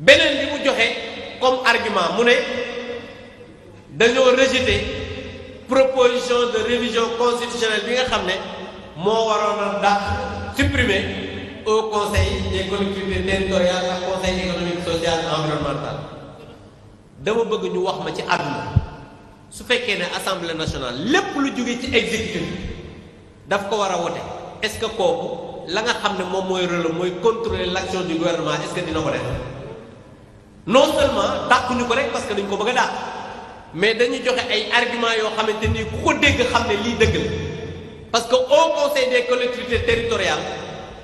beneen bi mu joxe comme argument mu ne dañoo rejeter proposition de révision constitutionnelle bi nga xam ne moo waroon a dàq supprimer au conseil des collectivités territoriales ak conseil économique social et environnemental dama bëgg ñu wax ma ci àdduna su fekkee ne assemblée nationale lépp lu jóge ci exécutif daf ko war a wote est-ce que kooku la nga xam ne moom mooy rôle mooy contrôler l'action du gouvernement est-ce dina ko def non seulement dàqu ko rek parce que dañ ko bëgg a dàq mais dañu joxe ay argument yoo xamante ni ku ko dégg xam ne lii dëgg la parce que au conseil des collectivités territoriales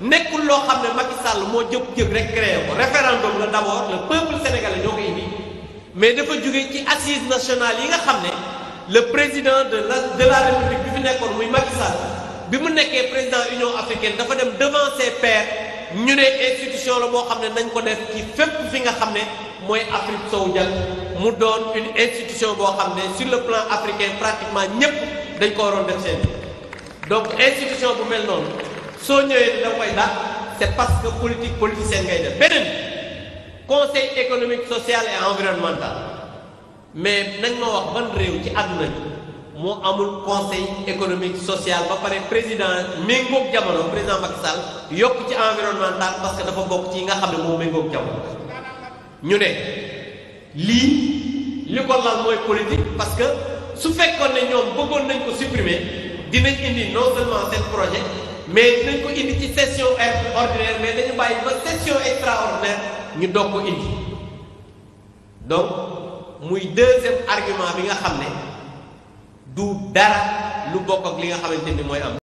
nekkul loo xam ne Macky Sall moo jëpp-jëpp rek créé ko référendum la d'abord le peuple sénégalais ñoo ko indi mais dafa jóge ci assises nationale yi nga xam ne le président de la de la république bi fi nekkoon muy Macky Sall bi mu nekkee président Union africaine dafa dem devant pair pairs ñu ne institution la boo xam ne nañ ko def ci fi nga xam ne mooy Afrique sow jal mu doon une institution boo xam ne sur le plan africain pratiquement ñëpp dañ ko waroon def seen donc institution bu mel noonu soo ñëwee da koy dàq c'est parce que politique politicienne ngay def beneen conseil économique social et environnemental mais nañ ma wax ban réew ci àdduna bi moo amul conseil économique social ba pare président méngoog jamono président Macky Sall yokk ci environnemental parce que dafa bokk ci yi nga xam ne moo méngoog jamono ñu ne lii li ko lal mooy politique parce que su fekkoon ne ñoom bëggoon nañ ko supprimer dinañ indi non seulement seen projet mais dinañ ko indi ci session ordinaire mais dañu bàyyi ba session extraordinaire ñu doog ko indi donc muy deuxième argument bi nga xam ne du dara lu bokk ak li nga xamante ni mooy am.